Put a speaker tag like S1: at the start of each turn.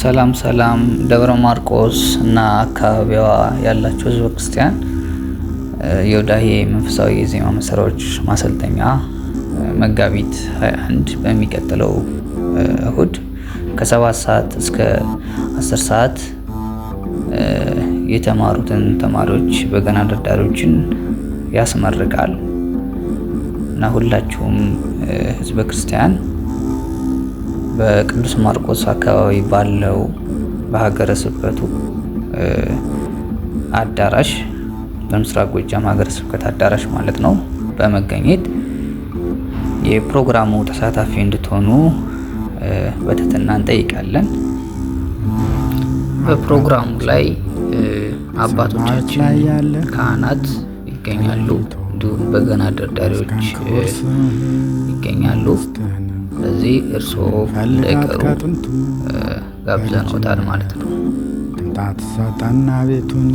S1: ሰላም ሰላም ደብረ ማርቆስ እና አካባቢዋ ያላችሁ ህዝበ ክርስቲያን የወዳሄ መንፈሳዊ የዜማ መሳሪያዎች ማሰልጠኛ መጋቢት 21 በሚቀጥለው እሁድ ከሰባት ሰዓት እስከ አስር ሰዓት የተማሩትን ተማሪዎች በገና ደርዳሪዎችን ያስመርቃል እና ሁላችሁም ህዝበ ክርስቲያን በቅዱስ ማርቆስ አካባቢ ባለው በሀገረ ስብከቱ አዳራሽ በምስራቅ ጎጃም ሀገረ ስብከት አዳራሽ ማለት ነው በመገኘት የፕሮግራሙ ተሳታፊ እንድትሆኑ በትህትና እንጠይቃለን። በፕሮግራሙ ላይ አባቶቻችን ካህናት ይገኛሉ፣ እንዲሁም በገና ደርዳሪዎች ይገኛሉ። ስለዚህ እርስዎ እንዳይቀሩ ጋብዘንዎታል ማለት ነው። ቅንጣት ሳጣና ቤቱን